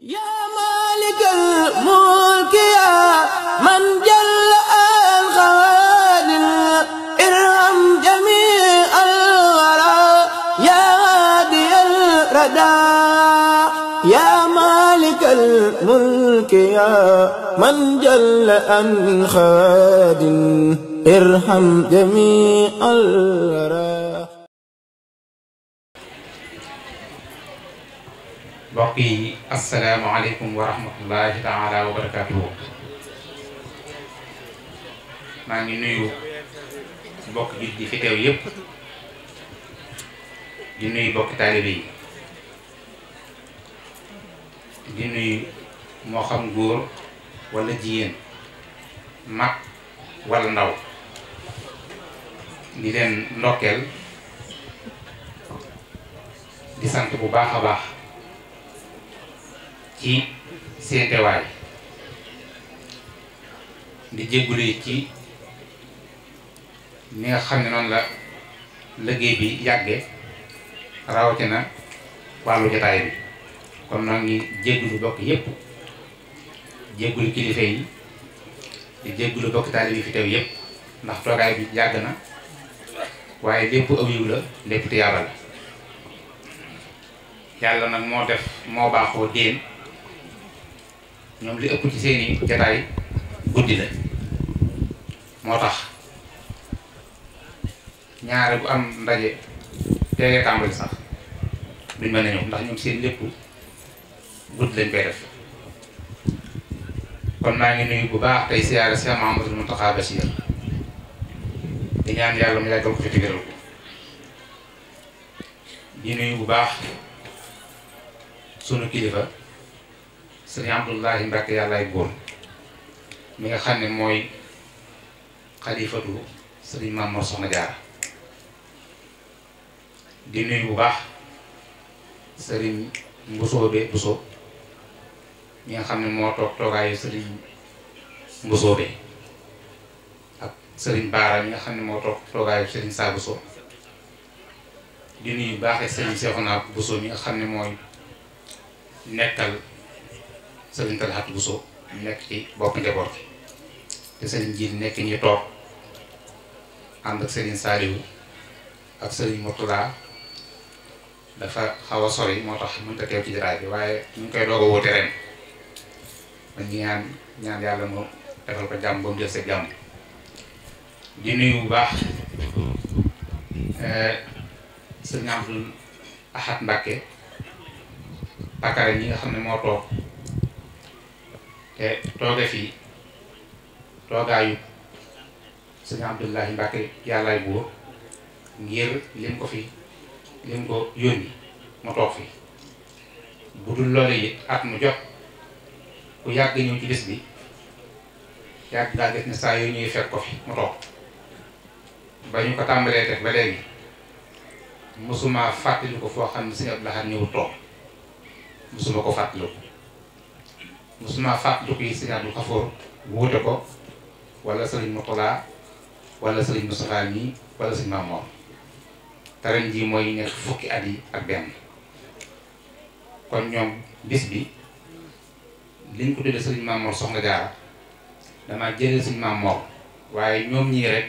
yaa maalikal mulki yaa man jalla al xawaadim irham jamii al waraa yaa haadiyal radaa yaa maalikal mulki yaa man jalla al xawaadim irham jamii al waraa mbokk yi asalaamaaleykum wa rahmatullahi taala wa maa ngi nuyu mbokk jullit yi fi yépp di nuyu mbokki taalibe yi di nuyu moo xam góor wala jigéen mag wala ndaw di leen ndokkeel di sant bu baax a baax ci seen di jéggulu ci ni nga xam ne noonu la liggéey bi yàgge rawatina wàllu jotaay bi kon noo ngi jéggulu bokk yépp jéggulu kilifa yi di jéggulu bokk taalib yi fi teew yépp ndax toogaay bi yàgg na waaye lépp aw yiw la lépp te yàlla la yàlla nag moo def moo baaxoo déen ñoom li ëpp ci seeni jataay guddi la moo tax ñaare bu am ndaje teelee tàmbali sax duñ mën a ñëw ndax ñoom seen lépp guddi lañ koy def kon naa ngi nuyu bu baax tey siyaare Cheikh Mouhamadou Mountakha Bassir di ñaan yàlla mu yàggal ko fi tigëral ko di nuyu bu baax sunu kilifa sëriñ Abdullahi Mbàkke yàllaay góor mi nga xam ne mooy xalifatu sëriñ Maam Mor Soxna Jaara di nuyu bu baax sëriñ Mbusoobe Buso mi nga xam ne moo toog toogaayu sëriñ ak sëriñ Baara mi nga xam ne moo toog Saa Buso di nuyu bu baax sëriñ Seexuna Buso mi nga xam ne mooy nekkal sëriñ Talhat Bousso nekk ci bopp njaboot bi te sëriñ Jiil nekk ñi toog ànd ak sëriñ Saliou ak sëriñ Mourtada dafa xaw a sori moo tax mënta teew ci jaraay bi waaye ñu ngi koy doog a woote ren ma ñaan yàlla mu defal ko jàmm ba eh, ñi nga xam ne moo toog te tooge fii toogaayu sëñ Abdullahi Mbàkke yàllaay buur ngir lim ko fi lim ko yónni mu fi bu dul loolu it at mu jot ku yàgg ñëw ci bis bi yàgg daa gis ne saa yooyu ñuy fekk ko fi mu toog ba ñu ko tàmbalee def ba léegi mosuma fàttali ko foo xam ne sëñ Abdul Ahad ñëw toog mosuma ko fàttaliku musuma faat du koy sëñ Abdou Khafour wuute ko wala sëriñ Moutala wala sëriñ Moustapha mi wala sëriñ Mamour te ren mooy nekk fukki at yi ak benn kon ñoom bis bi liñ ko tuddee sëriñ Mamour soxna jaara damaa jëlee sëriñ Mamour waaye ñoom ñii rek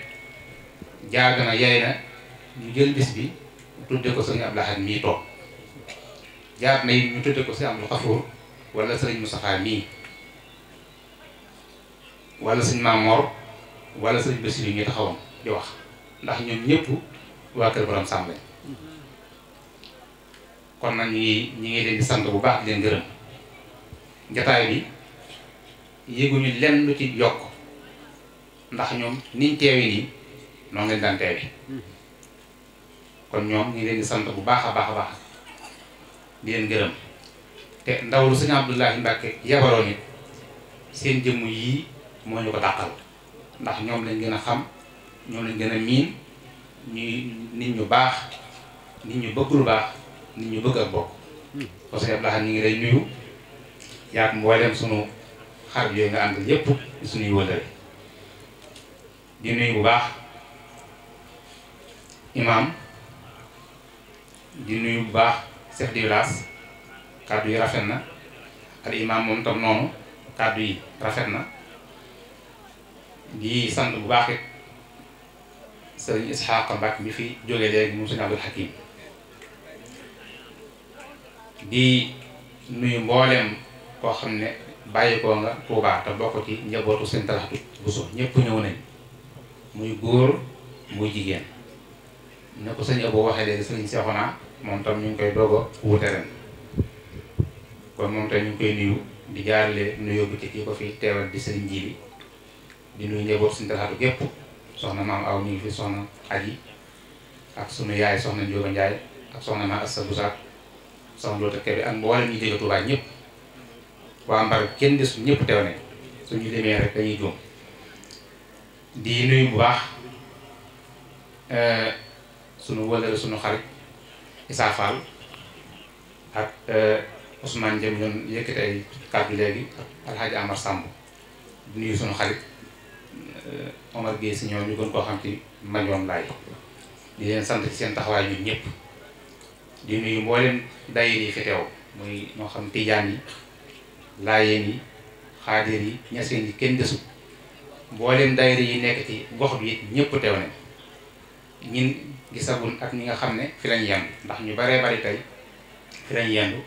jaag na yaay na ñu jël bis bi tudde ko sëriñ Abdou Lahad mii toog jaar na yi ñu tudde ko sëriñ Abdou Khafour wala sëriñ Moustapha mii wala sëñ Mamor wala sëriñ Bassirou yi ñu taxawoon di wax ndax ñoom ñëpp waa kër borom sàmm lañ kon nag ñi ñi ngi leen di sant bu baax di leen gërëm jataay bi yéguñu lenn lu ci yokk ndax ñoom niñ teewi nii noonu lañ daan kon ñoom ngi leen di bu baax a baax a baax di leen gërëm te ndaw lu sëñ Abdoulahi Mbàkke yabaroon it seen jëmm yii moo ñu ko dàqal ndax ñoom lañ gën a xam ñoom lañ gën a miin ñuy nit ñu baax nit ñu bëgg lu baax nit ñu bëgg ak bokk kon hmm. sëñ Abdoulahi ñu ngi lay nuyu yaag mboolem suñu xarit yooyu nga àndal yépp suñuy wëllëre di nuyu bu baax imaam di nuyu bu baax chef de kàddu yi rafet na al imaam moom tam noonu kàddu yi rafet na di sant bu baax it sëriñ Isxaaqa Mbàkke mi fi jóge léegi moom sëriñ Abdul Hakim di nuyu mbooleem koo xam ne bàyyi koo nga Tuubaa te bokk ci njabootu sëriñ Talatu Buso ñëpp ñëw nañ muy góor muy jigéen ne ko sëñ Abo waxee léegi sëriñ Seexuna moom tam ñu ngi koy doog a kon moom tey ñu koy nuyu di jaarale nuyoo bi ci kii ko fi teewal di sëriñ ji bi di nuyu njaboot suñu talaatu gépp soxna maam aw ñu ngi fi soxna aji ak sunu yaay soxna Njóoba Njaay ak soxna ma Assa Busaak soxna Loota Kebe ak mboolem ñu jóge Tuubaa ñëpp waa Mbar kenn di suñ ñëpp teew ne suñu demee rek dañuy juum di nuyu bu baax e, sunu wëlëre sunu xarit Isaa ak e, Ousmane Diagne ñoom yëkkati ay kàddu léegi ak Alhaji Amar Samb di nuyu sunu xarit eh, Omar Guèye si ñoom ñu gën koo xam ci Mañoon Laay di leen sant ci seen taxawaay ñun ñëpp di nuyu mboolem daayira yi fi teew muy ñoo xam tijaan yi laayeen yi xaadir yi ñaseen yi kenn desul mboolem daayira yi nekk ci gox bi it ñëpp teew ñin gisagun ak ñi nga xam ne fi lañ yendu ndax ñu bare bari tey fi lañ yendu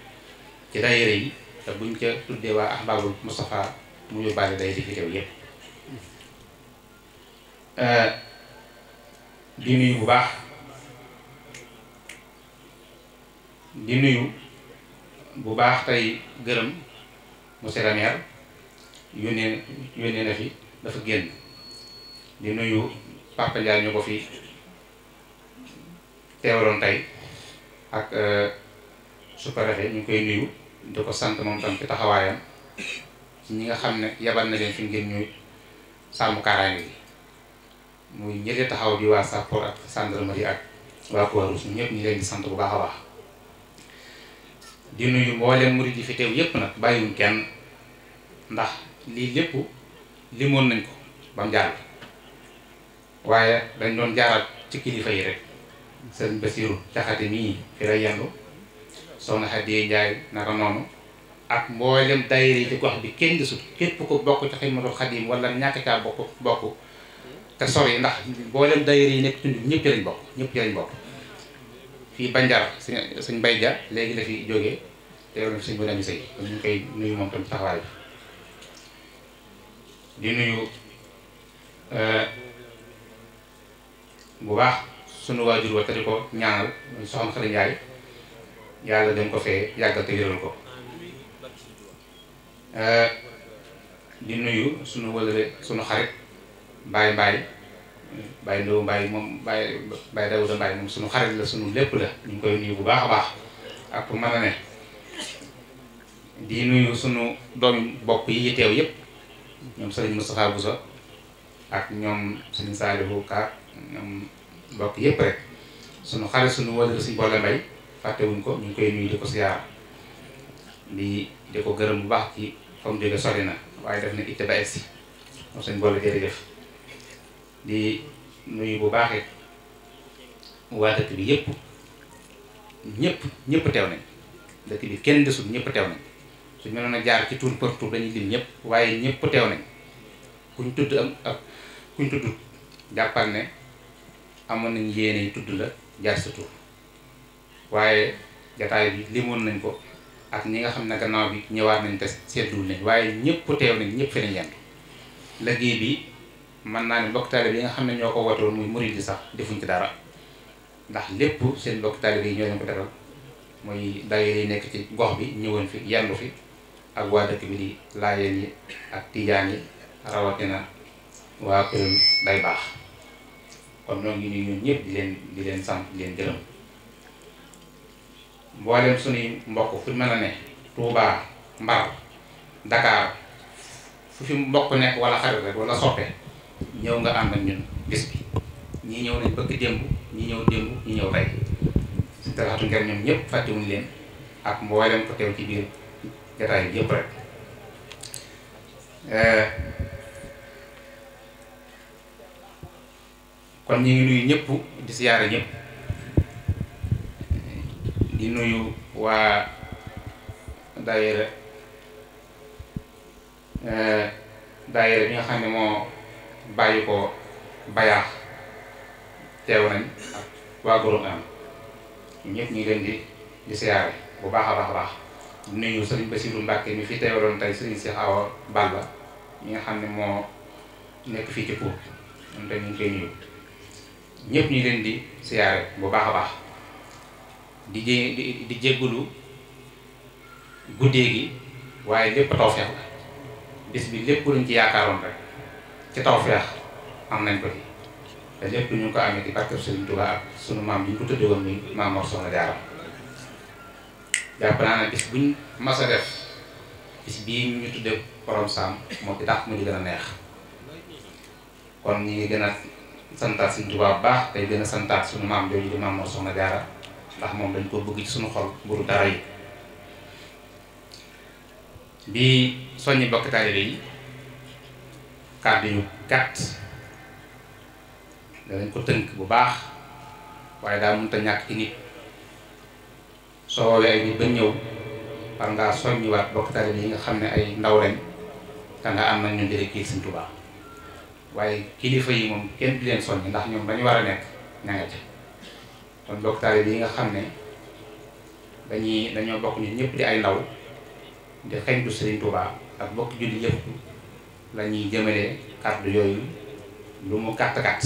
ci daayira yi te buñ ca tuddee waa ahbabul mustafaa mu yóbbaale daayira fi teew yépp eh, di nuyu bu baax di nuyu bu baax tey gërëm monsieur le maire yónnee yónnee na fi dafa génn di nuyu Papa ñu ko fi teewaloon tey ak eh, sous-préfet ñu koy nuyu di ko sant moom tam ci taxawaayam ñi nga xam ne yabal na leen fi ngeen ñuy sàmm kaaraange gi muy ñële taxaw di waa sappoor ak gendarmerie ak waa Croix-Rouge ñëpp ñu leen di sant bu baax a baax di nuyu leen murid yi fi teew yépp nag bàyyiwuñ kenn ndax lii lépp limoon nañ ko ba mu jaar waaye dañ doon jaaraat ci kilifa yi rek sëñ Basiru Jaxate mii fi la yendu soxna Xadi Njaay naka noonu ak mboolem daayira yi ci gox bi kenn gisul képp ku bokk ci Xidmatul Xadim wala ñàkk caa bokk bokk yi nekk tund ñëpp ci lañ bokk ñëpp ci lañ bokk fii Banjara suñ suñ mbay ja léegi la fi jógee te yow suñ bu dami sëy ñu nuyu moom tam taxawaay bi di nuyu eh, bu baax sunu waajur wa te di ko ñaanal soxna Xadi Njaay yàlla gën ko fee yàggal te ko eh, di nuyu sunu wëlëre sunu xarit Baye Mbaye Baye Ndao moom Baye Baye Dawuda Mbaye moom sunu xarit la sunu lépp la ñu koy nuyu bu baax a baax ak pour mën a ne di nuyu sunu doomi bokk yi teew yëpp ñoom sëriñ Moustapha Bousso ak ñoom sëriñ Saliou Ka ñoom bokk yëpp rek sunu xarit sunu wëlëre suñu boole mbay fàttewuñ ko ñu ngi koy nuyu di ko siyaar di di ko gërëm bu baax ci fa mu jóge na waaye def na itte ba egsi moom sëñ boole jërëjëf di nuyu bu baaxee waa dëkk bi yépp ñépp ñëpp tew nañ dëkk bi kenn desul ñëpp teew su suñ mënoon a jaar ci tur pour tur dañuy lim ñëpp waaye ñëpp teew nañ kuñ tudd am ak kuñ tudd jàppal ne amoon nañ yéene tudd la jaar sa tur waaye jataay bi limoon nañ ko ak ñi nga xam ne gannaaw bi ñëwaat nañ te seetluwul nañ waaye ñëpp teew nañ ñëpp fi nañ yendu bi mën naa ne mbokk taalibe yi nga xam ne ñoo ko woote muy murid yi sax defuñ ci dara ndax lépp seen mbokk taalibe yi ñoo leen ko defal muy daayira yi nekk ci gox bi ñëwoon fi yendu fi ak waa dëkk bi di laayeen yi ak tijaan yi rawatina waa këram day baax kon ñoo ngi ñu ñun ñëpp di leen di leen sant di leen gërëm mboolem suñuy mbokk fu mën a ne Touba Mbar Dakar fu fi mbokk nekk wala xarit rek wala ñëw nga ànd ak ñun bis bi ñii ñëw nañ bëgg démb ñii ñëw démb ñii ñëw tey si talaatu ngeen ñoom ñëpp fàttewuñu leen ak mboolem ko teew ci biir jataay bi yëpp rek eh, kon ñu ngi nuyu ñëpp di siyaare ñëpp di nuyu waa day eh, daayira bi nga xam ne moo bàyyi ko bayaax teew nañ ak waa góoróom am ñëpp ñu leen di di siyaare bu baax a baax a baax di nuyu sëriñ Basiru Mbàkke mi fi teewaloon tey sëriñ Cheikh Awa Balla mi nga xam ne moo nekk fii ci pour leen di bu baax baax di jé di jéggulu guddee gi waaye lépp tawfeex la bis bi lépp luñ ci yaakaaroon rek ci tawfeex am nañ ko fi te lépp ñu ngi ko amee di barkeb Sëriñ Tuubaa ak sunu maam yi ñu ko tëddee woon mi maam Mor jàpp naa ne bis buñ mas def bis bii ñu tuddee borom saam moo ci tax mu ngi gën a neex kon ñu ngi gën a santaat Sëriñ Tuubaa baax tey gën a santaat sunu maam jooju di maam Mor ndax moom dañ koo bëgg ci suñu xol buru dara yi bi soññi bokk bi yi kàddu yu gàtt danañ ko tënk bu baax waaye daa mënut a ñàkk ci nit soo woowee ay nit ba ñëw war ngaa soññiwaat bokk taalibe yi nga xam ne ay ndaw lañ te am na ñu njëriñ kii Sëñ Tuubaa waaye kilifa yi moom kenn du leen soññ ndax ñoom dañu war a nekk ña nga kon bokk taalibe yi nga xam ne dañuy dañoo bokk ñun ñëpp di ay ndaw di xeñtu Serigne Touba ak bokk julli yëpp la jëmale kàddu yooyu lu mu kàtt-kàtt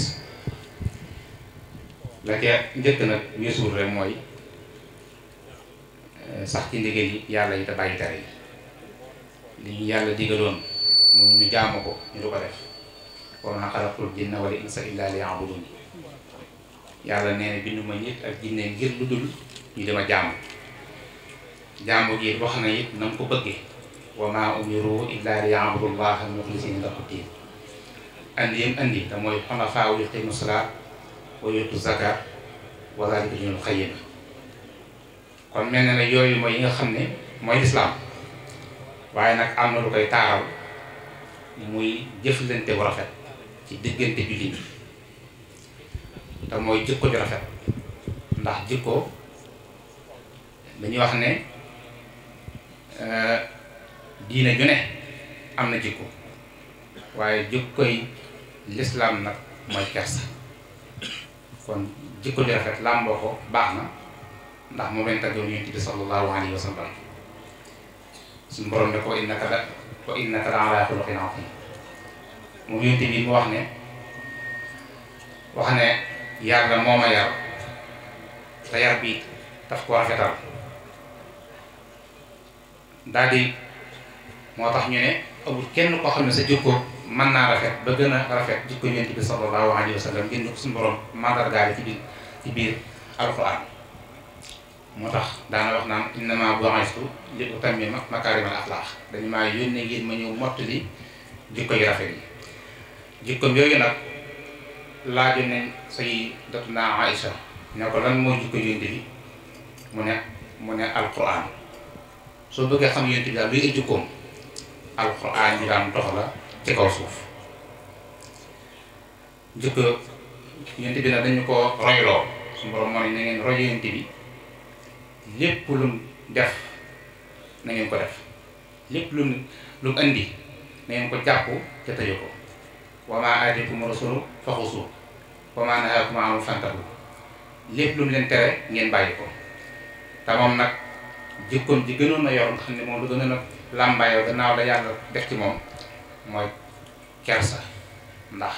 la ca njëkk nag weesuul rek mooy eh, sax ci ndigal yi yàlla yi te bàyyi tere yi li yàlla digaloon mu ñu jaamu ko ñu du ko def wa maa xalaqtul jinna wal insa illa liya'budun yàlla nee na binduma nit ak jinne ngir lu dul ñu dama jaamu jaamu gi wax na it na nga ko bëggee wa maa umiru illa liya'budullaha muxlisina lahu diin andi yam kon mel na ne yooyu mooy yi nga xam ne mooy islaam waaye nag am na lu koy taaral muy jëflante bu rafet ci diggante jullit ñi te mooy jikko ju rafet ndax jikko dañuy wax ne euh, diine ju ne am na jikko waaye jikkoy lislaam nag mooy kersa kon jikko ju rafet làmboo ko baax na ndax moom lañ tàggeewu yonent bi sallallahu alayhi wa sallam suñu borom ne ko innaka la ko innaka la ala xuluqin moom yonent bi mu wax ne wax ne yàlla moo ma yar te yar bi tax ko rafetal daal di moo tax ñu ne amul kenn koo xam ne sa jikko mën naa rafet ba gën a rafet jikko yonent bi sallallahu alayhi wa sallam ngeen ko suñu borom mandargaale ci biir ci biir alquran moo tax daana wax naan innama bu'istu li utammima makaarimal axlaaq dañu maa yónnee ngeen ma ñëw mottali jikko yu rafet yi jikkoom yooyu nag laajoon nañ sayyidatuna Aïcha ne ko lan mooy jikko yonent bi mu ne mu ne alquran soo bëggee xam yonent bi daal luy ay jikkoom alquran yi daan dox la ci kaw suuf jikko yonent bi nag dañu ko royloo suñu borom moo ne na roy yonent bi lépp lum def na ko def lépp lum lum andi na ko jàpp te tëju ko wa maa aatiikum rasulu fa xusuuh wa maa nahaakum anhu fantahu lépp lu mu leen tere ngeen bàyyi ko te nag jikkoom ji gënoon a yor xam ne moom lu gën a nag làmbaayoo gannaaw la yàlla def ci moom mooy kersa ndax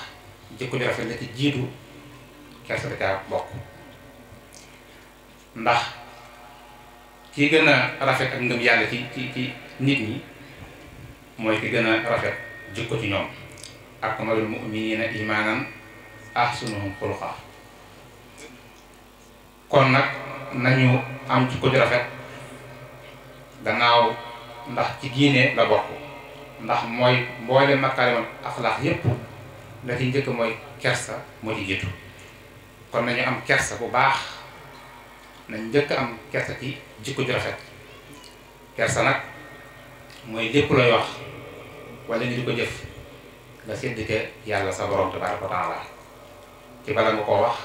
jikko ju rafet la ci jiitu kersa da caa bokk ndax ki gën a rafet ak ngëm yàlla ci ci ci nit ñi mooy ki gën a rafet jikko ci ñoom akmalul muminina imaanan ahsanuhum xuluqa kon nag nañu am ci ko ju rafet ndax ci diine la bokk ndax mooy mboole makaarimal axlaax yépp la ci njëkk mooy kersa moo ci jiitu kon nañu am kersa bu baax nañ njëkk am kersa ci jikko ju rafet kersa nag mooy lépp looy wax wala nga di ko jëf nga séddike yàlla sa borom tabaaraka wa taala ci bala nga koo wax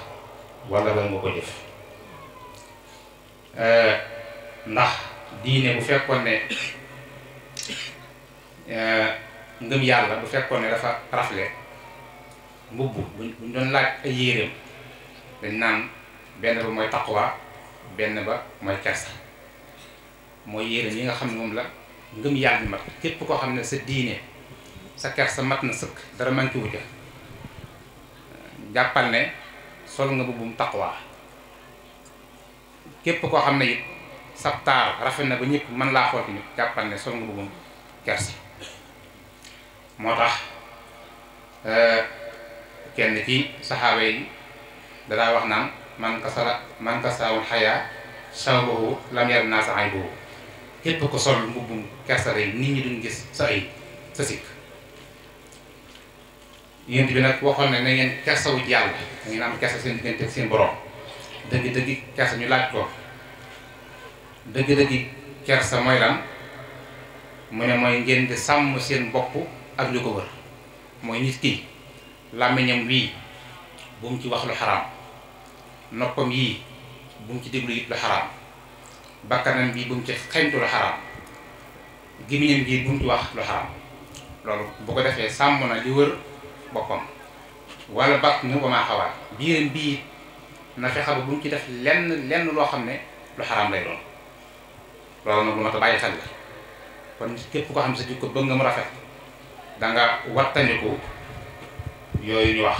wala bala nga ko jëf ndax diine bu fekkoon ne ngëm yàlla bu fekkoon ne dafa rafle mbubb buñ doon laaj ay yéreem dañ naan benn ba mooy taqwa benn ba mooy kersa mooy yéreem yi nga xam ne moom la ngëm yàlla bi mat képp koo xam ne sa diine sa kersa mat na sëkk dara manqué wu ca jàppal ne sol nga bubbum taqwa képp koo xam ne it sab taar rafet na ba ñëpp mën laa xool tamit jàppal ne sol nga bubbum kersa moo tax euh, kenn ci saxaaba yi dadaa wax naan man kasara man kasaawul xayaa sawbahu lam yar naa sa ay boobu képp ko sol mbubbum kersa rey nit ñi duñ gis sa ay sa sikk yéen bi nag waxoon na ne ngeen kersawu yàlla ngeen am kersa seen diggante seen borom dëgg-dëgg kersa ñu laaj ko dëgg-dëgg kersa mooy lan mu ne mooy ngeen di sàmm seen bopp ak lu ko wër mooy nit ki làmmiñam wii bu mu ci wax lu xaraam noppam yii bu mu ci déglu it lu xaraam bakkanam bii bu mu ci xeñtu lu xaraam gémmiñam bii bu mu ci wax lu xaraam loolu bu ko defee sàmm na li wër boppam wala bàq nu ko maa xawaat biiram bii na fexe ba bu mu ci def lenn lenn loo xam ne lu xaraam lay doon loolu nag lu bàyyi xel la kon képp koo xam ne sa jikko bëgg nga mu rafet danga nga yooyu ñu wax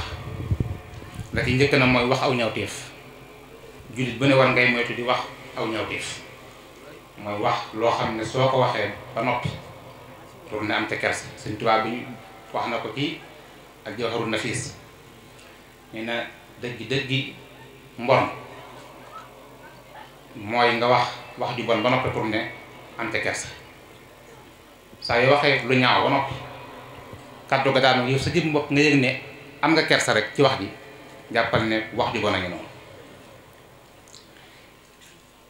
la ci njëkk na mooy wax aw ñawteef jullit bu ne war ngay moytu di wax aw ñawteef mooy wax loo xam ne soo ko waxee ba noppi pour ne am ca kersa Sëñ Tuubaa bi wax na ko ci ak jawharu nafiis nee na dëgg dëggi mbon mooy nga wax wax ju bon ba noppi tourné am ca kersa saa yoo waxee lu ñaaw ba noppi kàddu ga daanu yow sa jëm bopp nga yëg ne am nga kersa rek ci wax ji jàppal ne wax ju bon a ngi noonu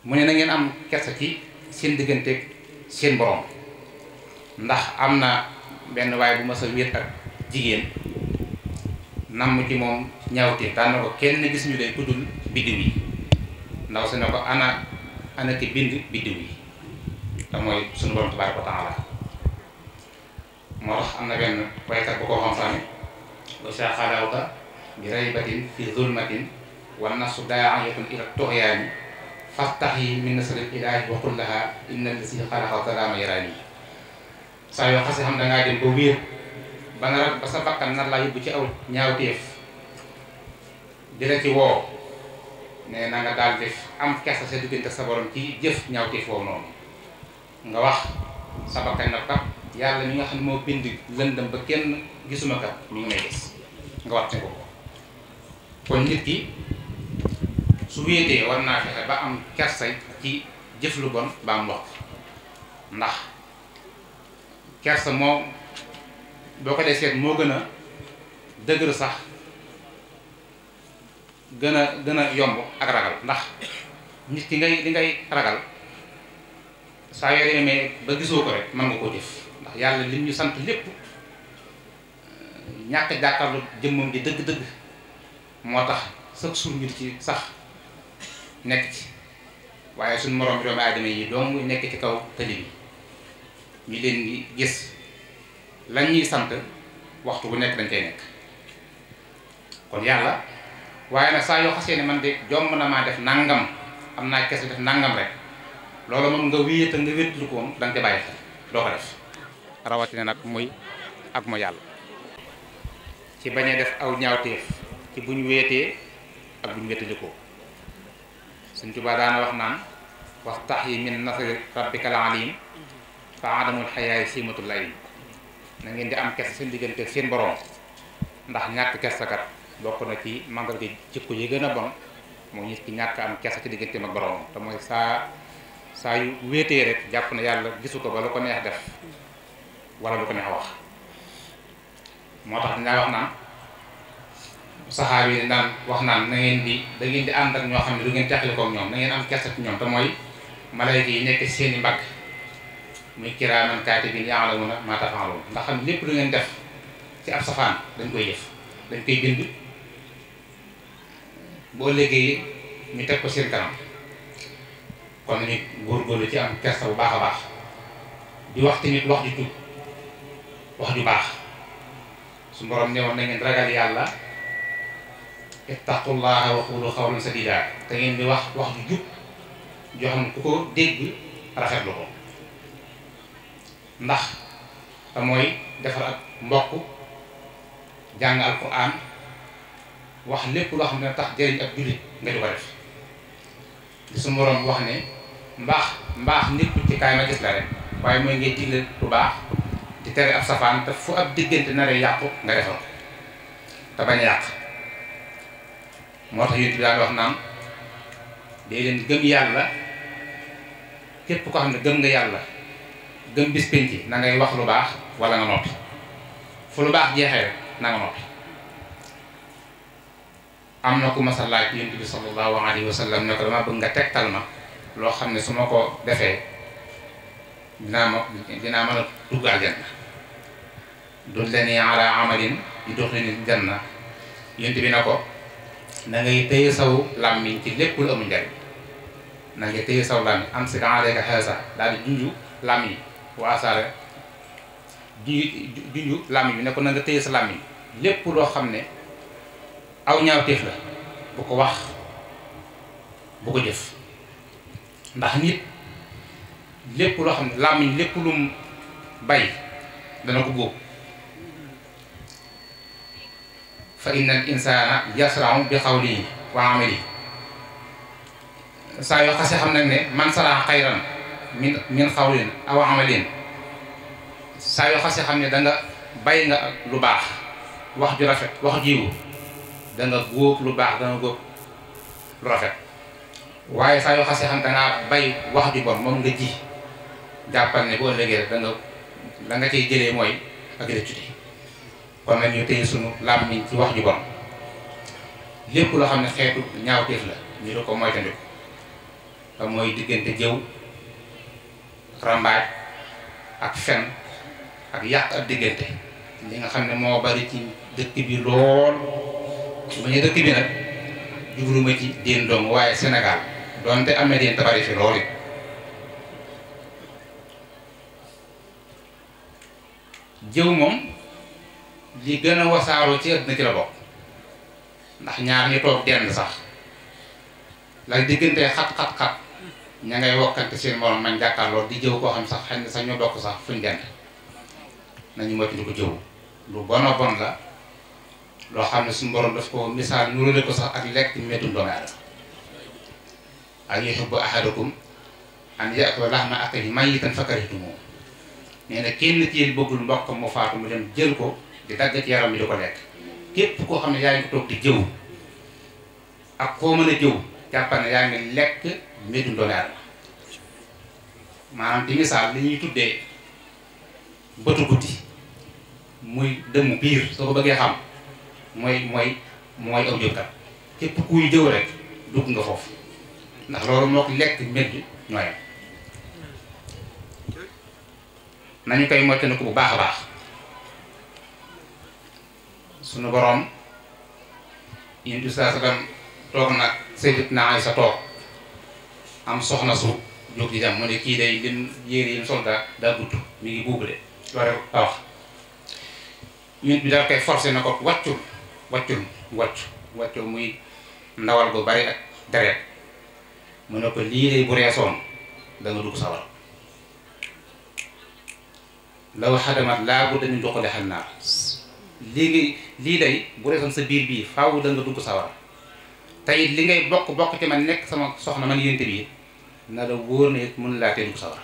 mu ne na ngeen am kersa ci seen digganteeg seen borom ndax am na benn waaye bu ma sa wéet ak jigéen namm ci moom ñaawte daan na ko kenn gis ñu lay kuddul biddiw yi ndaw si ne ko ana ana ki bind biddiw yi te mooy suñu borom tabaaraka wa taala moo tax am na benn waykat bu ko xam sax ne wa saa xalawta bi raybatin fi zulmatin wa nasu daa'iyatun ila tughyaani fastaxi min nasril ilaahi wa qul laha inna lasi xalaqa zalaama yaraani saa yoo xase xam dangaa dem ba wéer ba nar ba sa bakkan nar laa yóbbu ci aw ñaaw téef ci woo ne na nga daal def am kersa sa diggante sa borom ci jëf ñaaw téef woowu nga wax sa bakkan na kat yàlla mi nga xam ne moo bind lëndëm ba kenn gisuma kat mi ngi may gis nga wax ne ko kon nit ki su wéetee war naa fexe ba am kersa ci jëf lu bon ba am wax ndax kersa moo boo ko dee seet moo gën a dëgër sax gën a gën a yomb ak ragal ndax nit ki ngay li ngay ragal saa yoo demee ba gisoo ko rek mën nga koo jëf ndax yàlla lim ñu sant lépp eh, ñàkk jàkkaarlu jëmmam ji dëgg-dëgg moo tax sax suur ngir ci sax nekk ci waaye suñ moroom doomu aadama yi dong nekk ci kaw tali bi ñu leen gis lañ ñuy sant waxtu bu nekk dañ koy nekk kon yàlla waaye nag saa yoo xasee ne man de jomb na maa def nangam am naa kes def nangam rek loolu moom nga wéyata nga wétlu koom da nga koy bàyyi xel doo ko def rawatina nag muy ak mu yàlla ci bañ a def aw ñaawteef ci bu ñu wéetee ak bu ñu wéetalikoo suñ tubaa daana wax naan wax tax yi min nasri rabbikal alim fa adamul xayaay simatul layin na ngeen di am kes seen diggante seen borom ndax ñàkk kersa kat bokk na ci mandarga jikko yi gën a bon mooy nit ki ñàkk am kersa ci digganteem ak borom te mooy saa saa yu wéetee rek jàpp na yàlla gisu ko ba lu ko neex def wala lu ko neex wax moo tax dinaa wax naan saxaar yi daan wax naan na ngeen di da ngeen di ànd ak ñoo xam ne du ngeen teqli koog ñoom na ngeen am kersa ci ñoom te mooy malayka yi nekk seeni mbagg muy kiraaman kaatibiin ya'lamuuna maa taf'aluun ndax xam lépp lu ngeen def ci ab safaan dañ koy jëf dañ koy bind boo léegi ñu teg ko seen kanam kon nit góorgóorlu ci am kersa bu baax a baax di wax tamit wax ju jub wax ju baax su borom ne woon na ngeen ragal yàlla ittaqullaha wa qulu qawlan sadida te ngeen di wax wax ju jub joo xam ne ku ko dégg rafetlu ko ndax te mooy defar ak mbokk jàng alquran wax lépp loo xam ne tax jëriñ ak jullit nga di ko def di su moroom wax ne mbaax mbaax nit ku ci kaay ma gis la rek waaye mooy ngay digle lu baax di tere ab safaan te fu ab diggante naree yàqu nga defar te bañ yàq moo tax yonent bi daal wax naan dee leen gëm yàlla képp ko xam ne gëm nga yàlla gëm bis pénc nangay wax lu baax wala nga noppi fu lu baax jeexee rek na am na ku mas a laaj yonent bi sallallahu alayhi wa sallam ne ko dama bëgg nga tegtal ma loo xam ne su ma ko defee dinaa ma dinaa mën a dugg aljanna dullanii ala amalin yudxilnii janna yonent bi na ko na ngay téye saw làmmiñ ci lépp lu amul njariñ na ngay téye saw làmmiñ amsik alayka haazaa daal di junju làmmiñ waasaare ju juñu làmmiñ bi ne ko na nga téye sa làmmiñ lépp loo xam ne aw ñaaw téef la bu ko wax bu ko jëf ndax nit lépp loo xam ne làmmiñ lépp lum bay dana ko góob fa inna al insana yasra'u bi qawlihi wa amalihi saa yoo xase xam nag ne man sara xayran min min xawlin aw amalin saa yoo xasee xam ne danga bay bàyyi nga lu baax wax ju rafet wax jiwu da nga góob lu baax da nga góob lu rafet waaye saa yoo xasee xam dangaa bay wax ju bon moom nga ji jàppal ne boo ëllëgee da nga la nga cay jëlee mooy ak rëccute kon nag ñu téye sunu làmmiñ ci wax ju bon lépp loo xam ne xeetu ñaawteef la ñu di ko moytandiku te mooy diggante jëw rambaaj ak fen ak yàq ak diggante li nga xam ne moo bari ci dëkk bi lool mu ñu dëkk bi nag jubluma ci déen dong waaye Sénégal doonte am na déen tabari fi lool jëw moom li gën a wasaaroo ci àddina ci la bokk ndax ñaar ñu toog dend sax la diggante xat-xat-xat ña ngay wokkante seen morom mañ jàkkaarloo di jëw koo xam sax xañ na sax ñu bokk sax fuñ dend nañu moytu ko jëw lu bono bon la loo xam ne suñu borom daf ko misaal nurale ko sax ak lekk métum doomu aadama ak yuhibbu ahadukum an ya'kula lahma akhihi maytan fakarihtumuuh kenn ci yéen bëggul mbokk mu faatu mu dem jël ko di dagg ci yaram bi di ko lekk képp koo xam ne yaa ngi toog di jëw ak koo mën a jëw jàppal ne yaa ngi lekk mbirum dogaar la maanaam di misaal li tuddee bëtu guddi muy dëmm biir soo ko bëggee xam mooy mooy mooy aw jëwkat képp kuy jëw rek dugg nga foofu ndax loolu moo lekk mbedd ñooy nañu koy moytandiku bu baax a baax sunu boroom yéen di saa sa toog nag sayyidatuna sa toog am soxna su jóg ci tam mu ne kii day lim yére yi soldat daa gudd mi ngi buubu de loolu rek a wax nit bi daal koy forcé na ko wàccul wàccul wàccu wàccu muy ndawal bu bari ak deret mu ne ko lii day bu reesoon da nga dugg sawar law xadamat laa bu dañu doxale xal naar lii ngi lii day bu reesoon sa biir bii faaw da nga dugg sawar tey li ngay bokk bokk ci man nekk sama soxna man yénte bi na la wóor ne mën laa teen bu sawar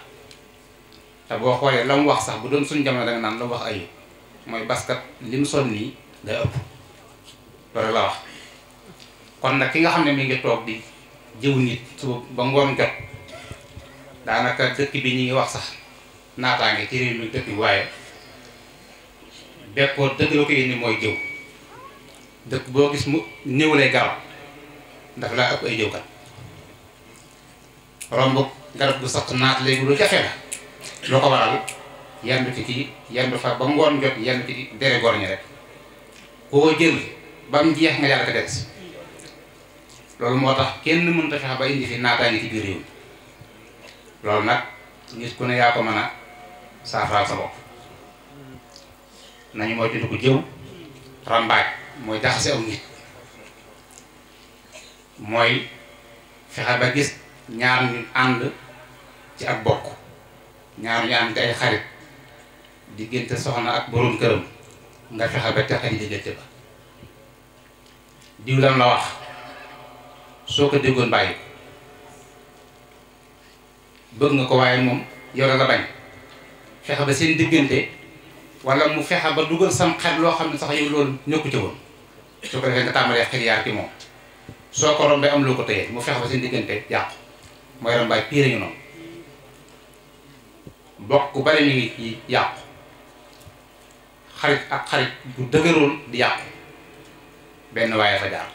te boo xoolee la mu wax sax bu doon suñ jamono da naan la mu wax ayib mooy baskat li mu sol nii day ëpp ki nga xam ne mi ngi toog di jëw nit suba ba ngoon jot daanaka bi ñu ngi wax sax naataange ci réew mi waaye bekkoo dëgg la ko indi mooy jëw dëkk boo gis mu néew lay garab ndax laa ëpp ay jëwkat romb garab gu saq naat léegi lu jafe la loo ko waral yandu ci kii yandu fa ba ngoon jot yandu ci dere góor ñi rek koo jël ba mu jeex nga yàlla ko des loolu moo tax kenn mënut a fexe ba indi fi naataange ci biir réew loolu nag nit ku ne yaa ko mën a saafaraal sa bopp nañu mooy dund ko jëw rambaaj mooy jaxase aw nit mooy fexe ba gis ñaar ñu ànd ci ak bokk ñaar ñu ànd ci ay xarit diggante soxna ak boroom këram nga fexe ba teqali diggante ba diw lan la wax soo ko déggoon bàyyi bëgg nga ko waaye moom yow la bañ fexe ba seen diggante wala mu fexe ba dugal sam xel loo xam ne sax yow loolu nekku ci woon su ko defee nga tàmbalee xel yaar moom soo ko rombee am loo ko téye mu fex ba seen diggante yàqu mooy rambaay piire ñu noonu bokk bari mi ngi yàqu xarit ak xarit bu dëgëroon di yàqu benn waaye fa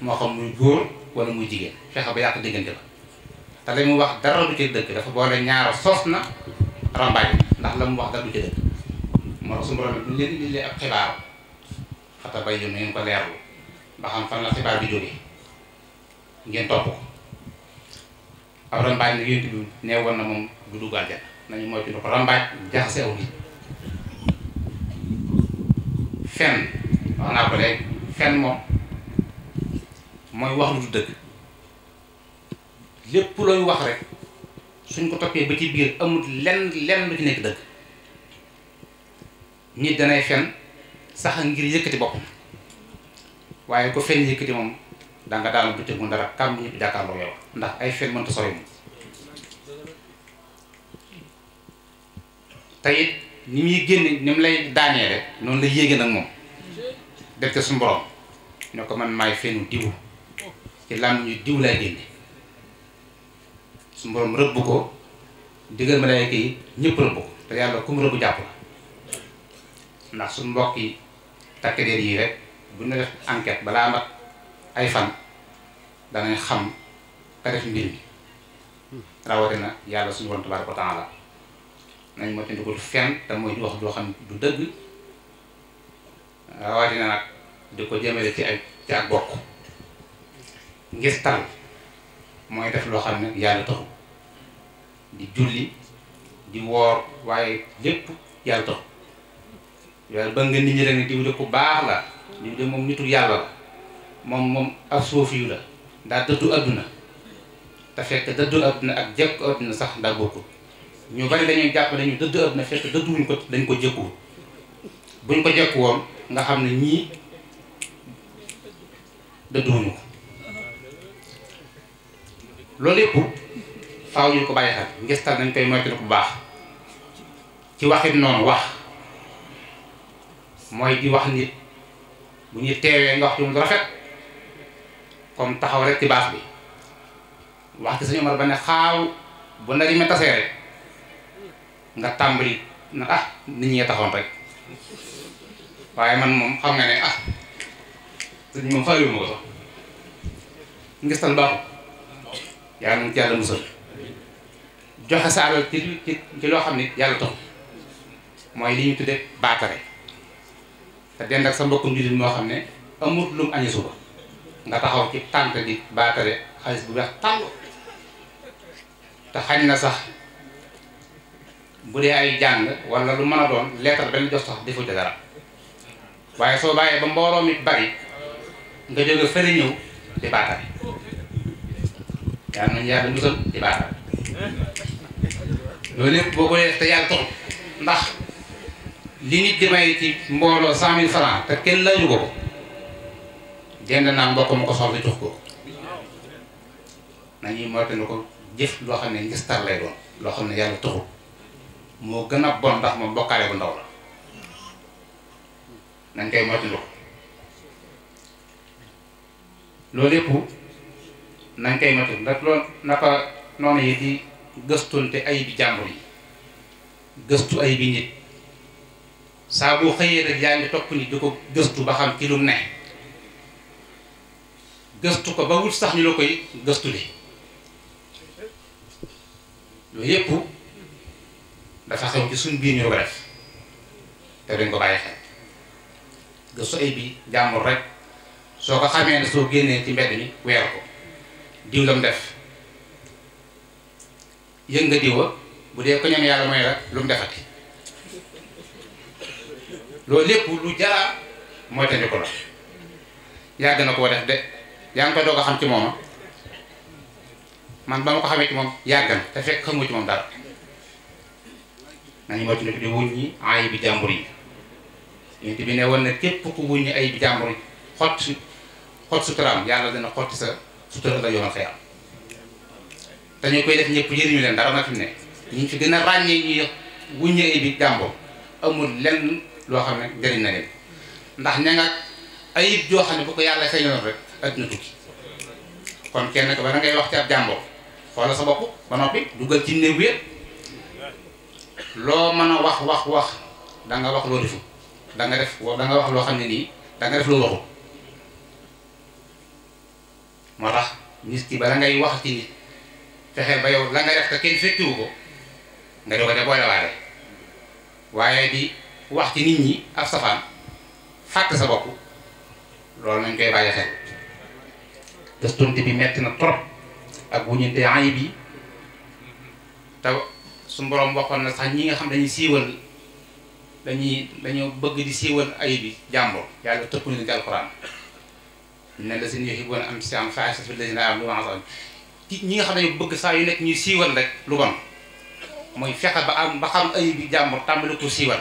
moo xam muy góor wala muy jigéen fexe ba yàq diggante ba te la mu wax dara du ci dëgg dafa boole ñaara sos na rambaay ndax la mu wax dara du ci dëgg moo tax su borom bi ñu leen indi leen ab xibaar xata bay yoon ngeen ko leerlu ba xam fan la xibaar bi jógee ngeen topp ko ab rambaaj nag yonent bi nee woon na moom du dugg àjjana nañu moytu ko rambaaj jaxase aw nit fenn wax naa ko léegi fenn moom mooy wax lu du dëgg lépp looy wax rek suñ ko toppee ba ci biir amul lenn lenn lu ci nekk dëgg nit danay fen sax ngir yëkkati bopp waaye ko fen yëkkati moom da nga daanu bëccëg mu ndara kam bi ñëpp ndax ay fen mënta sori moom te it ni muy génne ni mu lay daaneele noonu la yéege nag moom def te suñu borom ne ko man maay fenu diw ci làmm ñu diw lay génne suñu borom rëbb ko digal malaaka yi ñëpp rëbb ko te yàlla ku mu rëbb jàpp la ndax suñu mbokk yi takk der yi rek bu ñu def enquête balaa mat ay fan danañ xam ka def mbir mi rawatina yàlla suñu borom tabaaraka wa taala nañ moo tënd ko fenn te mooy wax joo xam du dëgg rawatina nag di ko jëmale ci ay mooy def loo ne yàlla taxu waaye lépp yàlla taxu yàlla bëgg nga nit ñi rek ne diw de ku baax la lii de moom nitu yàlla la moom moom ab suufi yu la daa dëddu adduna te fekk dëddu adduna ak jekku adduna sax daa bokkul ñu bari dañuy jàpp ne ñu dëddu adduna fekk dëdduwuñ ko dañ ko jëkkuwul buñ ko jekku woon nga xam ne ñii dëdduwuñu ko loolu yëpp faaw ñu ko bàyyi xel ngistal nañ koy moytu bu baax ci waxit noonu wax mooy di wax nit bu ñuy teewee nga wax ci lu rafet comme taxaw rek ci baax bi wax ci sëñ Omar ba ne xaaw bu ndari me tasee rek nga tàmbali na ah nit ñi taxawoon rek waaye man moom xam nga ne ah sëñ moom faayu ma ko sax ngistal baaxul ci yàlla musal joxe sa alal ci ci ci loo xam ne yàlla tax mooy li ñu tudde baatare te dend ak sa mbokkum jullit moo xam ne amut lum añi suba nga taxaw ci tànt di baatare xalis bu weex tàll te xañ na sax bu dee ay jàng wala lu mën a doon leetal benn jox sax defu ca dara waaye soo bàyyee ba mbooloo mi bari nga jóge fële di baatare yaa nañu yàlla musal di baatare loolu lépp boo ko def te yàlla toog ndax li nit di may ci mbooloo cent mille francs te kenn laaju ko jënd naa mbokk ma ko soxla jox ko nañuy moytandi ko jëf loo xam ne ngistar lay doon loo xam ne yàlla taxul moo gën a bon ndax moom bokkaale bu ndaw la nañ koy moytandi ko loolu yëpp nañ koy moytandi ndax loolu naka noonu yi di gëstunte ay bi jàmbur yi gëstu ay bi nit saa boo xëyee rek yaa ngi topp ni du ko gëstu ba xam ci lu mu ne gëstu ko ba wut sax ñu la koy gëstu li loolu yépp dafa xew ci suñ biir ñu ko def te duñ ko bàyyi xel gëstu ay bi jàmbur rek soo ko xamee ne soo génnee ci mbedd mi weer ko diw la def yëg nga diwa bu dee ko yaa yàlla mooy la lu mu defati loolu lépp lu jara mooy yàgg na koo def de yaa ngi koy doog a xam ci moom ah. man ba ma ko xamee ci moom yàgg na te fekk xamoo ci moom dara nañu moytu di wuññi ay bi yi yént bi ne woon na képp ku ay bi jàmbur yi xott xott suturaam yàlla dana xotti sa sutura la yoonal xëyam te koy def ñëpp yëriñu leen dara na fi ne ñu fi gën a ràññee ñuy wuññi ay bi jàmbur amul lenn loo xam ne njëriñ na leen ndax ña nga ayib joo xam ne bu ko yàlla feeñoon rek adduna tukki kon kenn ko ba na ngay wax ci ab jàmbur xoola sa bopp ba noppi dugal ci néew yëpp loo mën a wax wax wax danga wax loo defu danga nga def da nga wax loo xam ne nii da nga def loo waxu moo tax nit ki bala ngay wax ci fexe ba yow la nga def te kenn fekkiwu ko nga doog a def boolewaale waaye di. wax ci nit ñi ab safaan fàtte sa bopp loolu nañ koy bàyyi xel bi metti na trop ak wuñante ayib yi te su mboroom waxoon na sax ñi nga xam ne dañuy siiwal dañuy dañoo bëgg di siiwal ayib yi jàmbur yàlla tëpp na ci alxuraan ne la seen yuhibbuuna am si am faa fi am lu ma xam ñi nga xam ne bëgg saa yu nekk ñuy siiwal rek lu bon mooy fexe ba am ba xam ayib yi jàmbur tàmbali siiwal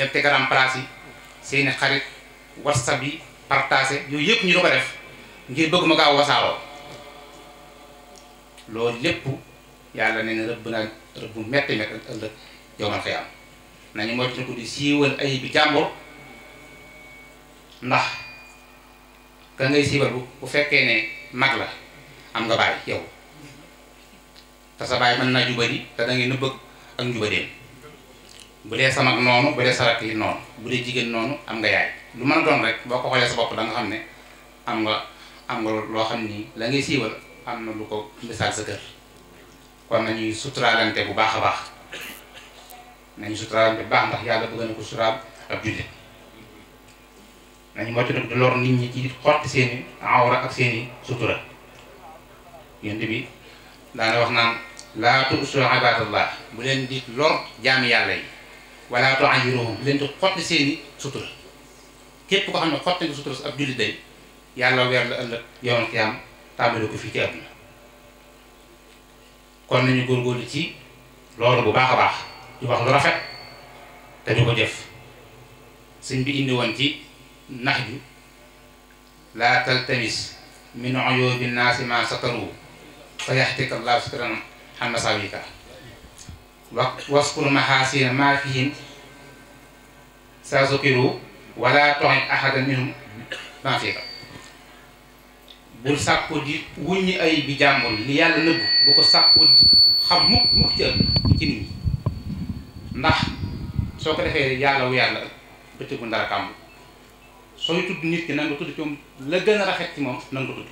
dem te garam place yi seeni xarit whatsapp yi partagé yooyu yëpp ñu du ko def ngir bëgg ma gaaw wasaaroo loolu lépp yàlla nee na rëbb na rëbb metti metti ëllëg yowmal xiyaam nañu moytu ko di siiwal ay bi jàmbur ndax ka ngay siiwal bu bu fekkee ne mag la am nga bàyyi yow te sa bàyyi mën naa jubali te da ngay nëbb ak njubadeem bu dee sama noonu bu dee sa yi noonu bu dee jigéen noonu am nga yaay lu mën a doon rek boo ko xoolee sa bopp da xam ne am nga am nga loo xam ni la ngay siiwal am na lu ko misaal sa kër kon nañuy suturaalante bu baax a baax nañu suturaalante bu baax ndax yàlla bëgg na ko suturaal ab jullit nañu moytu nag lor nit ñi ci xotti seeni awra ak seeni sutura yént bi daana wax naan laa tusu ibadallah bu leen di lor jaami yàlla yi wala tu'ayyiruhum bu leen di xotti seeni sutura képp ko xam ne xotti nga sutura ab jullit day yàlla weer la ëllëg yowal xiyaam tàmbale ko fii ci àdduna kon nañu góorgóorlu ci loolu bu baax a baax di wax lu rafet te di ko jëf sëñ bi indi woon ci nax ju laa taltamis min uyubi naasi ma sataru fa yaxtika allahu sitran an masaawika waskur maxaasina maa fihim saa sukiru wala toxin ahadan minhum maa fiika bul sàkku di wuññi ay bi jàmbur li yàlla nëbbu bu ko sàkku xam mukk mukk ci ci nit ndax soo ko defee yàlla wu yàlla bëccëgu ndara kàmb sooy tudd nit ki nanga tudd ci la gën a rafet ci moom nanga tudd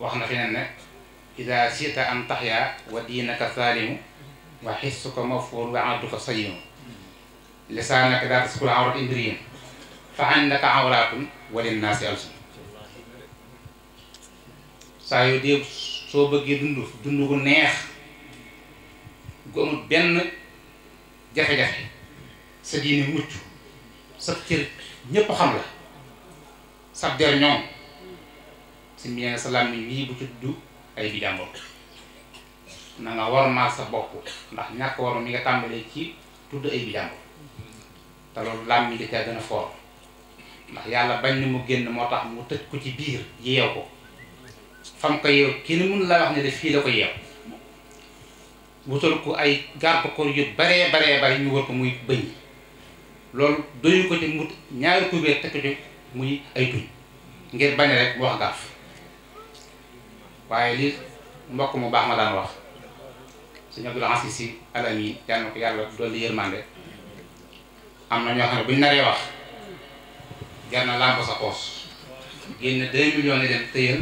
wax na fi ne ida sita an taxya wa diinaka saalimu wa xissuka maful wa adduka sayimu lisaanaka daa taskul awrat imriin fa andaka awratun wa linnaasi alsun saa yoo dee soo bëggee dund dund gu neex gu amul benn jafe-jafe sa diini mucc sa cër ñépp xam la sa der ñoom si miena sa làmmiñ lii bu ci ay bi jàmbur na nga warmaal sa bopp ndax ñàkk waroon mi nga tàmbalee ci tudd ay bi jàmbur te loolu laam mi di caa gën a foor ndax yàlla bañ na mu génn moo tax mu tëj ko ci biir yeew ko fam ko yeew kenn mun la wax ne de fii la ko yeew wutal ko ay garde corps yu baree baree bare ñu wër ko muy bëñ loolu doyu ko ci mu ñaari kubéer teg ko ci muy ay tuñ ngir bañ rek mu wax gaaf waaye li mbokk mu baax ma daan wax suñu Abdul Aziz Si Al Amin yàlla na ko yàlla dolli yërmande am na ñoo xam ne buñ naree wax jar na làmb sa poos génn deux millions ne dem tëyal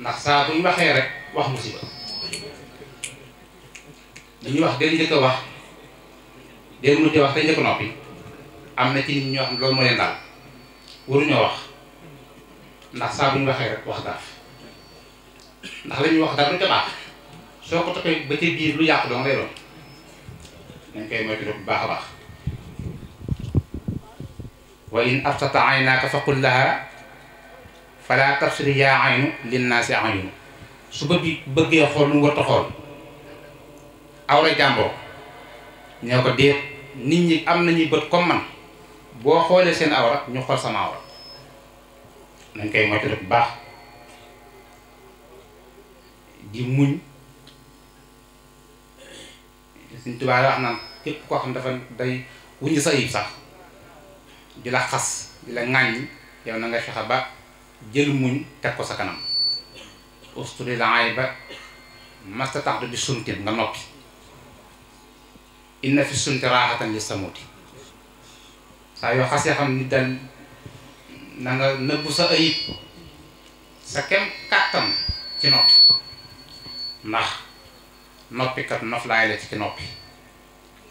ndax saa buñ waxee rek wax musiba li ñuy wax gën njëkk a wax dén mujj wax te njëkk noppi am na ci nit ñoo xam ne loolu moo leen daal waruñoo wax ndax saa buñ waxee rek wax daaf ndax la ñuy wax dara du baax soo ko toppee ba ca biir lu yàqu dong lay doon nañ koy moytu bu baax a baax wa in aftata aynaaka faqul laha fala tabsiri yaa aynu linnaasi aynu su bët bëggee xool lu mu warta awra jàmboo ñoo ko déet nit ñi am nañuy bët comme man boo xoolee seen awra ñu xool sama awra nañ koy moytu bu baax di muñ suñ tubaab la am képp koo xam dafa day wuñu sa yib sax di la xas di la ŋàññ yow na nga fexe ba jël muñ teg ko sa kanam usturi la ay ba masta tax du di suntin nga noppi inna fi sunti raaxatan li samuti saa yoo xasee xam ni dal na nga nëbbu sa ayib sa kem kàttan ci noppi ndax noppikat noflaay la ci ki noppi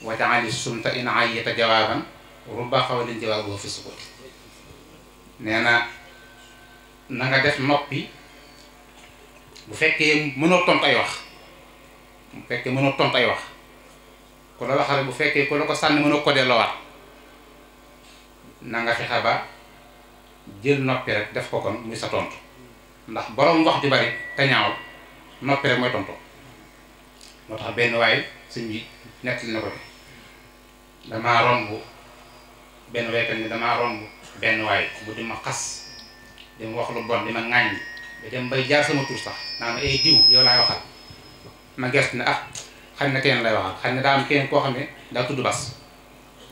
wajaali sumta in ayita jawaaban ruba xawlin jawaaboo fi sukuti nee na na nga def noppi bu fekkee mënoo tont ay wax bu fekkee mënoo tont wax ku la waxal bu fekkee ku la ko sànni mënoo ko delloowaat na nga fexe ba jël noppi rek def ko kon muy sa tontu ndax borom wax ju bari te noppi rek mooy tontu moo tax benn waay sëñ bi nettali na ko fi damaa damaa romb benn waay bu di ma xas di ma wax lu bon di ma ŋàññ da dem bay jaar sama tur sax naa ma ay eh, diw yow laay waxal ma gerte ne ah xam ne keneen lay waxal xam ne daa am keneen koo xam ne daa tudd bas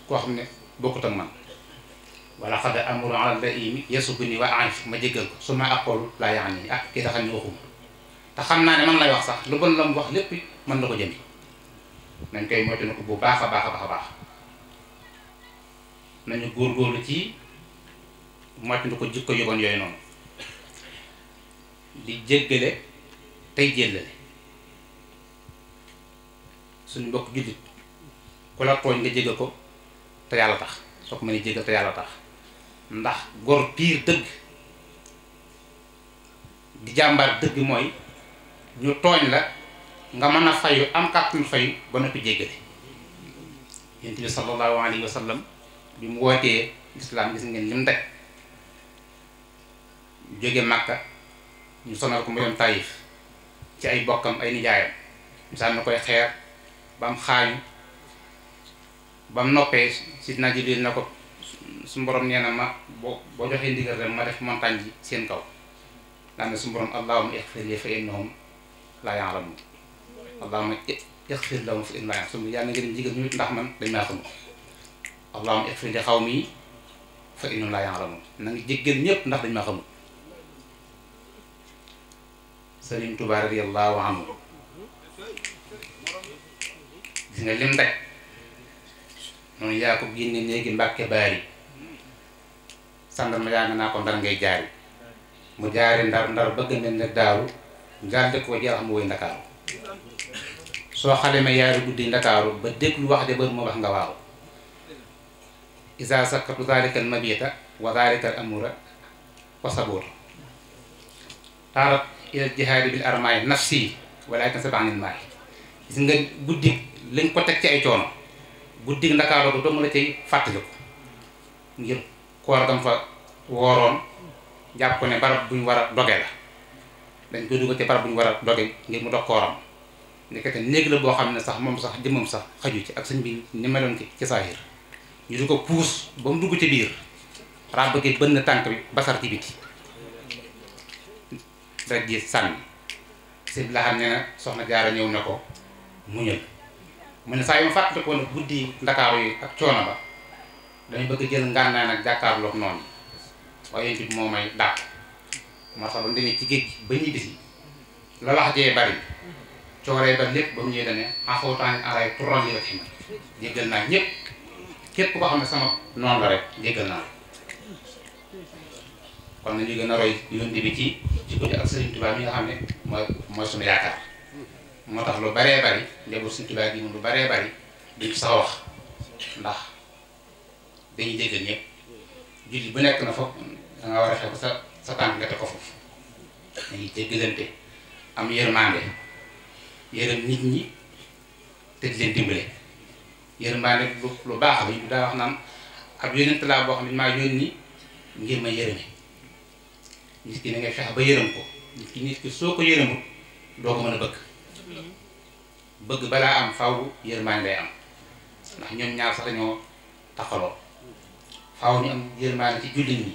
koo xam ne bokkut ak man wala xada amru ala la imi yasubu ni wa anif ma jéggal ko su ma aqoolu laa yaani ah kii da xam ne waxuma te xam naa ne man lay wax sax lu bën la mu wax lépp mën na ko jënd nañ koy moytu na ko bu baax a baax a baax a baax nañu góorgóorlu ci moytu na ko jikko yu yooyu noonu di jéggale tey jéllale suñu mbokk jullit ku la tooñ nga jéggal ko te yàlla tax soo ko mënee jéggal te yàlla tax ndax gor piir dëgg di jàmbaar dëgg mooy ñu tooñ la nga mën a fayu am kàttul fayu ba noppi jéggale yonent bi sallallahu alayhi wa sallam bi mu wootee lislaam gis ngeen lim daj jóge màkka ñu sonal ko mu dem Taïf ci ay bokkam ay nijaayam ñu sànni koy xeer ba am xaañu ba mu noppee Sidna Jibril na ko su borom nee ma boo boo joxee ndigal rek ma def montagne ji seen kaw daanaka su borom allahumma ighfir li fa noonu laa yaalamuun allahumma ixfir lahum fa innahum laa ya'lamuun yàlla na ngeen ndax dañ na nga jéggal ñëpp ndax dañ maa xamul Sëriñ yaa ko nga naa ko ndar ngay jaari mu jaari ndar ndar bëgg mel ne daaru ngal dëkk wa jarax mu woy ndakaaru soo xaleme yaari guddi ndakaaru ba déglu wax de bër moo wax nga waaw isa sakatu zalika al mabita wa zalika al amura wa sabur taarat ila jihaadi bil armaay nafsi walakin sabanil maay gis nga guddi lañ ko teg ci ay coono guddi ndakaaroo ko dong la cay fàttaliku ngir koor dam fa wooroon jàpp ne barab buñ war a doge la dañ koy dugal ci barab bu ñu war a doge ngir mu dog kooram ndekete néeg la boo xam ne sax moom sax jëmmam sax xaju ci ak sëñ bi ni meloon ci ci saahir ñu di ko puus ba mu dugg ci biir ràbb gi bënn tànk bi basar ci biti ji sànni sib la xam ne na soxna jaara ñëw na ko muñal mu ne saa yu ma fàttali ko guddi ndakaaru yi ak coono ba dañu bëgg jël ngànnaay nag jàkkaarloog noonu waaye yéen it moo may dàq moo tax ba mu ci géej gi ba ñuy bisi la wax jee bari cooree ba lépp ba mu ñëwee dane axawtaan aray tural naa képp koo xam ne sama noonu la rek jéggal gën a ci ci ko ak Sëriñ Tuubaa lu baree bari njaboot Sëriñ lu baree bari duñ sax wax ndax dañuy nekk na foog da nga war a xew sa sa tànk nga teg ko foofu dañuy jéggalante am yërmande yërëm nit ñi te di leen dimbale yërmande lu lu baax la ñu daa wax naan ab yonent laa boo xam ne maa yónni ngir ma yërëme nit ki na ngay fexe ba yërëm ko nit ki nit ki soo ko yërëmul doo ko mën a bëgg bëgg balaa am faw yërmande lay am ndax ñoom ñaar sax dañoo taxaloo faw ñu am yërmande ci jullit ñi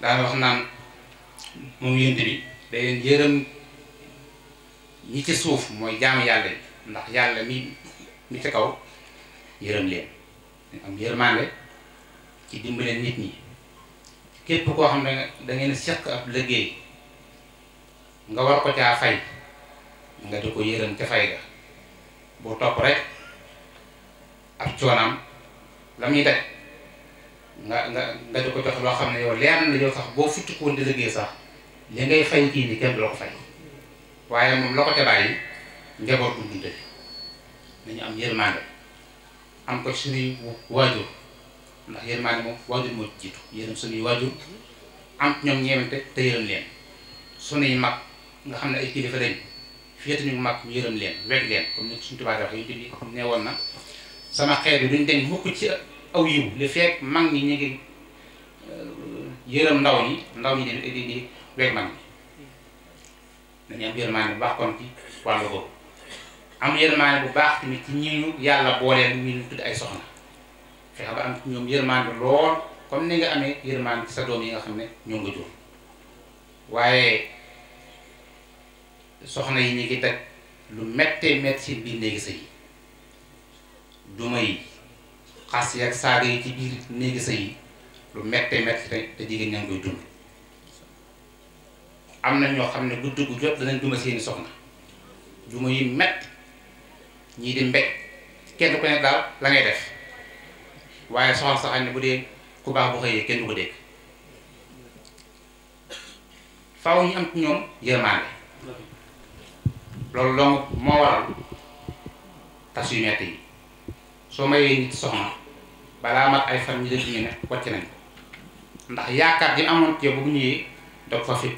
daal wax naan moom yént bi day yërëm ñi ci suuf mooy jaamu yàlla yi ndax yàlla mi mi ci kaw yërëm leen am yërmaande ci dimbaleen nit ñi képp koo xam ne da ngeen seq ab liggéey nga war ko caa fay nga di ko yërëm ca fay ga boo topp rek ab coonam la muy daj nga nga nga di ko jox loo xam ne yow leer na yow sax boo futti ko woon di liggéey sax li ngay fay kii ni kenn du ko fay waaye moom la ko te bàyyi njaboot bu dundale nañu am yërmande am ko suñuy waajur ndax yërmande moom waajur moo jiitu yërëm suñuy waajur am ñoom ñeewante te yërëm leen suñuy mag nga xam ne ay kilifa lañ féete ñu mag ñu yërëm leen weg leen comme ni suñu tubaab di wax yu ne woon na sama xeet bi duñ deñ mukk ci aw yiw li fekk mag ñi ñu ngi euh, yërëm ndaw ñi ndaw ñi di lu di mag ñi dañuy am yërmaane bu baax kon ci wàllu boobu am yërmaane bu baax ci ñi ñu yàlla booleel ñu ñu tudd ay soxna fexe ba am ci ñoom yërmaane lool comme ni nga amee yërmaane ci sa doom yi nga xam ne ñoo nga jur waaye soxna yi ñu ngi teg lu méttee métti ci biir néegi sëy duma yi xas yi saaga yi ci biir néegi sëy yi lu méttee métti te jigéen ña ngi koy dund am na ñoo xam ne guddi gu jot danañ duma seeni soxna duma yu métti ñii di mbéj kenn ku ne daal la ngay def waaye soxna sax ne bu dee ku baax bu xëyee kenn du ko dégg faaw ñu am ñoom yërmande loolu donc moo waral tas yu métti yi. soo mayee nit soxna balaa mat ay fan ñu def ñu ne wàcc nañ ndax yaakaar yi amoon yow bu ñëwee da fa fekk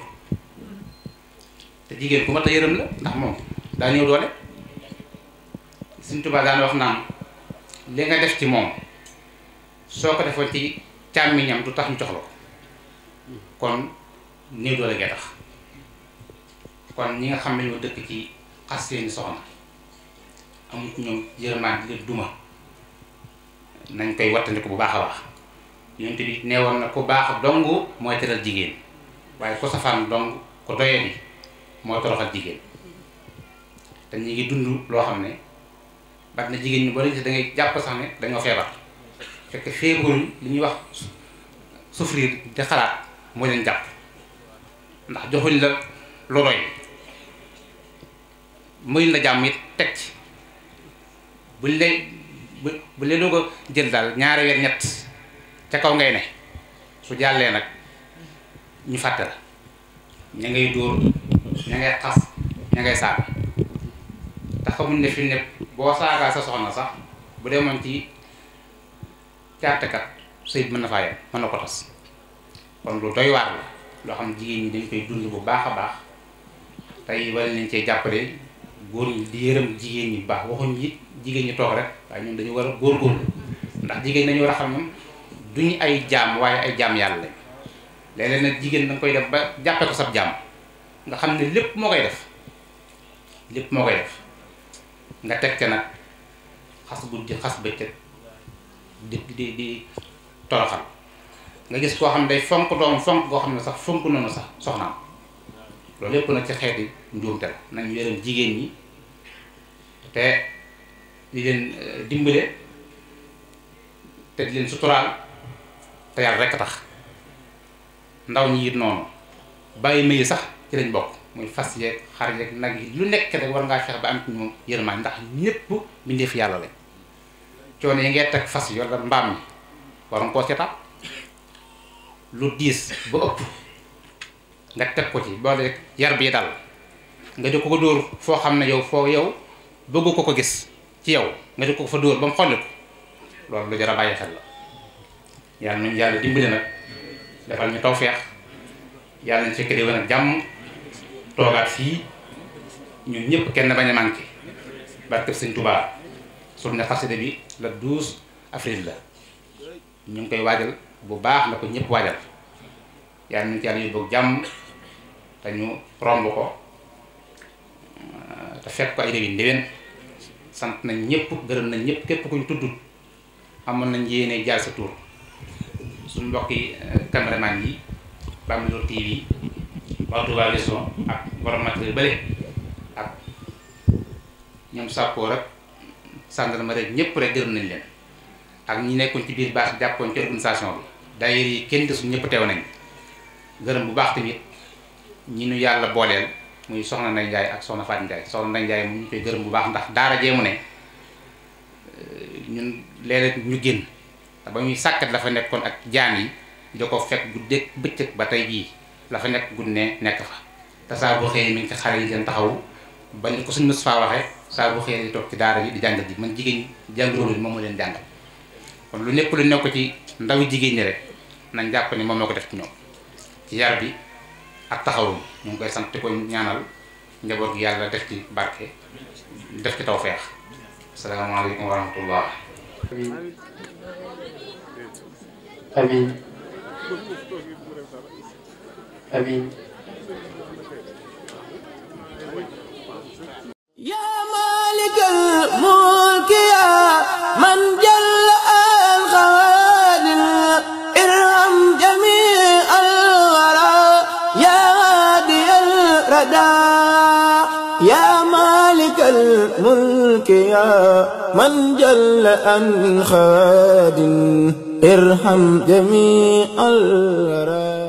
te jigéen ku mat a yërëm la ndax moom daa ñëw doole Sëñ Tuubaa daan wax naan li nga def ci moom soo ko defoon ci càmmiñam du tax ñu jox la ko kon néew doole gee tax kon ñi nga xam ne ñoo dëkk ci xas seeni soxna amut ñoom yërmaat di duma nañ koy wattandiku bu baax a baax yonent bi neewoon na ku baax dong mooy tëral jigéen waaye ku safaan dong ku doye bi mooy toroxal jigéen te ñu ngi dund loo xam ne bat na jigéen ñi boo leen si da ngay jàpp sax ne dañoo feebar fekk feebaruñ li ñuy wax souffrir di xalaat moo leen jàpp ndax joxuñ la lu doy muy jàmm it teg ci buñ lay bu bu lee doo ko jël daal ñaari weer ñett ca kaw ngay ne su jàllee nag ñu fàtte la ña ngay dóor ña ngay xas ña ngay saaga te ne fi ne boo saagaa sa soxna sax bu dee moom ci càttekat sëy mën na faa yem mën na ko tas kon lu doy waar la loo xam jigéen ñi dañ koy dund bu baax a baax tey wala nañ cee jàppale góor ñi di yërëm jigéen ñi baax waxuñ it jigéen ñi toog rek waaye ñun dañu war a góorgóorlu ndax jigéen dañu war a xam ñoom duñu ay jaam waaye ay jaam yàlla lañ léeg nag jigéen da koy def ba jàppee ko sab jaam nga xam ne lépp moo koy def lépp moo koy def nga teg ca nag xas guddi xas bëccëg di di di toroxal nga gis koo xam ne day fonk doom fonk koo xam ne sax fonk noonu sax soxnaam loolu yëpp nag ci xeeti njuumte la nañu yërëm jigéen ñi te di leen euh, dimbale te di leen suturaal te yàlla rekk tax ndaw ñi it noonu bàyyi mayi sax ci lañ bokk muy fas yeeg xar nag yi lu nekk rek war ngaa fexe ba am ci ñoom yërmaan ndax ñépp mbindeef yàlla lañ coono yi ngay teg fas yi walla mbaam yi war koo seetaat lu diis ba ëpp nga teg ko ci boole yar bii dal nga di ko ko dóor foo xam ne yow foo yow bëggu ko ko gis ci yow nga di ko fa dóor ba mu xolli ko loolu lu jar a xel la yàlla nañu yàlla dimbali nag defal ñu tawfeex yàlla nañu fekk déwén ak jàmm toogaat fii ñun ñëpp kenn bañ a manqué barkeb sëñ Touba surne xasida bi la 12 avril la ñu ngi koy waajal bu baax la ko ñëpp waajal yàlla ñu ci yàlla yóbbu jàmm te ñu romb ko euh, te fekk ko ay déwén déwén sant nañ ñëpp gërëm nañ ñëpp képp kuñ tudd amoon nañ yéene jaar sa tur suñ mbokki euh, cameraman yi Bambilor TV waa Touba Vision ak borom matériel bële ak ñoom sàppoo rek sàndarma rek ñëpp rek gërëm nañ leen ak ñu nekkoon ci biir baax jàppoon ci organisation bi d'ailleurs yi kenn desul ñëpp teew nañ gërëm bu baax tamit ñi ñu yàlla booleel muy soxna Ndeye Ndiaye ak soxna Fatou Ndiaye soxna Ndeye Ndiaye mu ñu koy gërëm bu baax ndax daara jee mu ne ñun léeg ñu génn ba muy sàkkat la fa nekkoon ak jaan yi da ko fekk guddeeg bëccëg ba tey jii la fa nekk gudd ne nekk fa te saa boo xëyee mi ngi ci xale yi leen taxawu ba ni ko suñ Moustapha waxee saa boo xëyee di toog ci daara yi ji man jigéen ñi jàngaloo moom moo leen jàng kon lu nekk lu nekk ci ndaw jigéen ñi rek nañ jàpp ne moom moo ko def ci ñoom ci yar bi ak taxawum ñu ngi koy sant te koy ñaanal njaboot yàlla def ci barke def ci tawfeex asalaamaaleykum wa rahmatullah amin amin يا مالك الملك من جل أن خاد ارحم جميع الراد